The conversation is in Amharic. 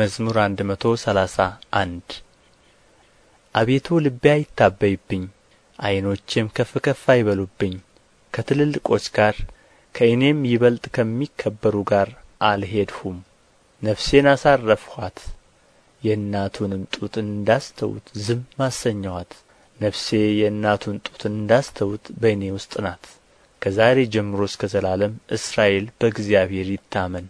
መዝሙር አንድ መቶ ሰላሳ አንድ አቤቱ ልቤ አይታበይብኝ፣ ዐይኖቼም ከፍ ከፍ አይበሉብኝ። ከትልልቆች ጋር ከእኔም ይበልጥ ከሚከበሩ ጋር አልሄድሁም። ነፍሴን አሳረፍኋት፣ የእናቱንም ጡት እንዳስተውት ዝም አሰኘኋት። ነፍሴ የእናቱን ጡት እንዳስተውት በእኔ ውስጥ ናት። ከዛሬ ጀምሮ እስከ ዘላለም እስራኤል በእግዚአብሔር ይታመን።